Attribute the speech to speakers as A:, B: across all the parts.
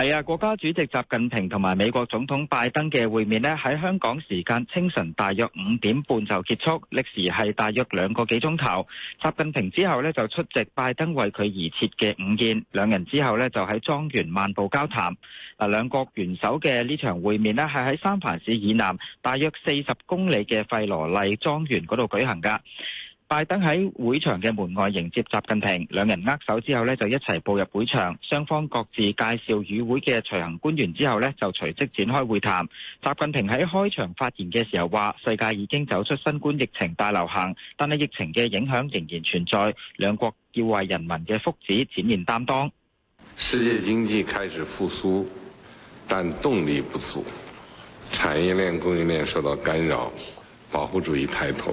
A: 係啊，國家主席習近平同埋美國總統拜登嘅會面呢，喺香港時間清晨大約五點半就結束，歷時係大約兩個幾鐘頭。習近平之後呢就出席拜登為佢而設嘅午宴，兩人之後呢就喺莊園漫步交談。兩國元首嘅呢場會面呢係喺三藩市以南大約四十公里嘅費羅麗莊園嗰度舉行噶。拜登喺會場嘅門外迎接習近平，兩人握手之後呢就一齊步入會場，雙方各自介紹與會嘅隨行官員之後呢就隨即展開會談。習近平喺開場發言嘅時候話：世界已經走出新冠疫情大流行，但係疫情嘅影響仍然存在，兩國要為人民嘅福祉展現擔當。世界經濟開始復甦，但動力不足，產業鏈、供應鏈
B: 受到干擾，保護主義抬頭。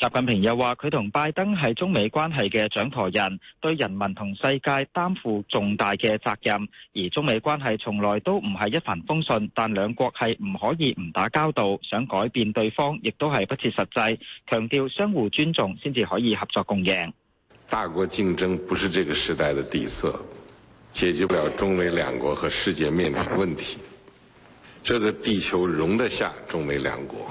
A: 習近平又話：佢同拜登係中美關係嘅掌舵人，對人民同世界擔負重大嘅責任。而中美關係從來都唔係一帆風順，但兩國係唔可以唔打交道。想改變對方，亦都係不切實際。強調相互尊重，先至可以合作共贏。
B: 大國競爭不是這個時代嘅底色，解決不了中美兩國和世界面臨的問題。這個地球容得下中美兩國。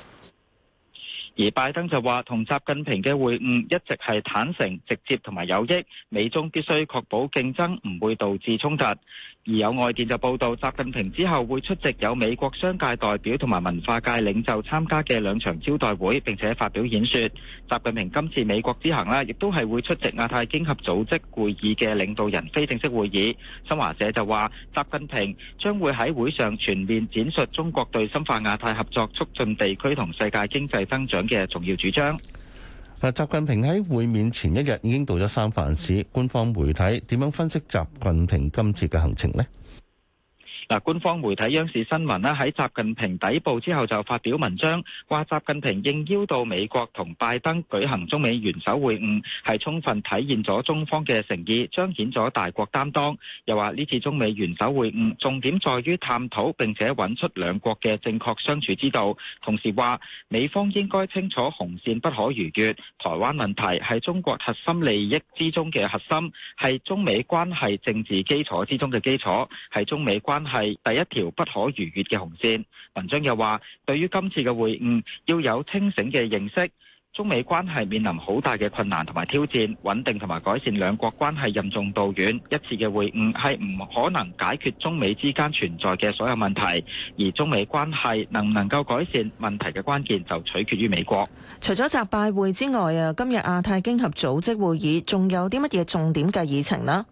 A: 而拜登就話同習近平嘅會晤一直係坦誠、直接同埋有益，美中必須確保競爭唔會導致衝突。而有外電就報道，習近平之後會出席有美國商界代表同埋文化界領袖參加嘅兩場招待會，並且發表演說。習近平今次美國之行咧，亦都係會出席亞太經合組織會議嘅領導人非正式會議。新華社就話，習近平將會喺會上全面展述中國對深化亞太合作、促進地區同世界經濟增長嘅重
B: 要主張。習近平喺會面前一日已經到咗三藩市，官方媒體點樣分析習近平今次嘅行程呢？
A: 嗱，官方媒體央視新聞啦，喺習近平抵埗之後就發表文章，話習近平應邀到美國同拜登舉行中美元首會晤，係充分體現咗中方嘅誠意，彰顯咗大國擔當。又話呢次中美元首會晤重點在於探討並且揾出兩國嘅正確相處之道。同時話美方應該清楚紅線不可逾越，台灣問題係中國核心利益之中嘅核心，係中美關係政治基礎之中嘅基礎，係中美關係，係第一條不可逾越嘅紅線。文章又話，對於今次嘅會晤，要有清醒嘅認識。中美關係面臨好大嘅困難同埋挑戰，穩定同埋改善兩國關係任重道遠。一次嘅會晤係唔可能解決中美之間存在嘅所有問題。而中美關係能唔能夠改善，問題嘅關鍵就取決於美國。除咗集拜會之外啊，今日亞太經合組織會議仲有啲乜嘢重點嘅議程呢？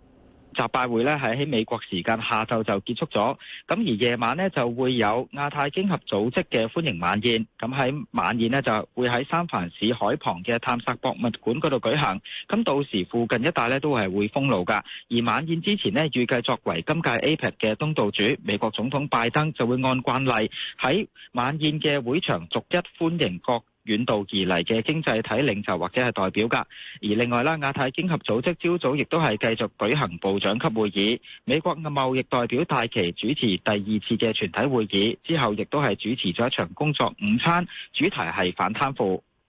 A: 集拜會咧，係喺美國時間下晝就結束咗，咁而夜晚呢就會有亞太經合組織嘅歡迎晚宴。咁喺晚宴呢就會喺三藩市海旁嘅探索博物館嗰度舉行。咁到時附近一帶呢都係會封路㗎。而晚宴之前呢，預計作為今屆 APEC 嘅東道主，美國總統拜登就會按慣例喺晚宴嘅會場逐一歡迎各。遠道而嚟嘅經濟體領袖或者係代表噶，而另外啦，亞太經合組織朝早亦都係繼續舉行部長級會議。美國貿易代表戴琪主持第二次嘅全體會議之後，亦都係主持咗一場工作午餐，主題係反貪腐。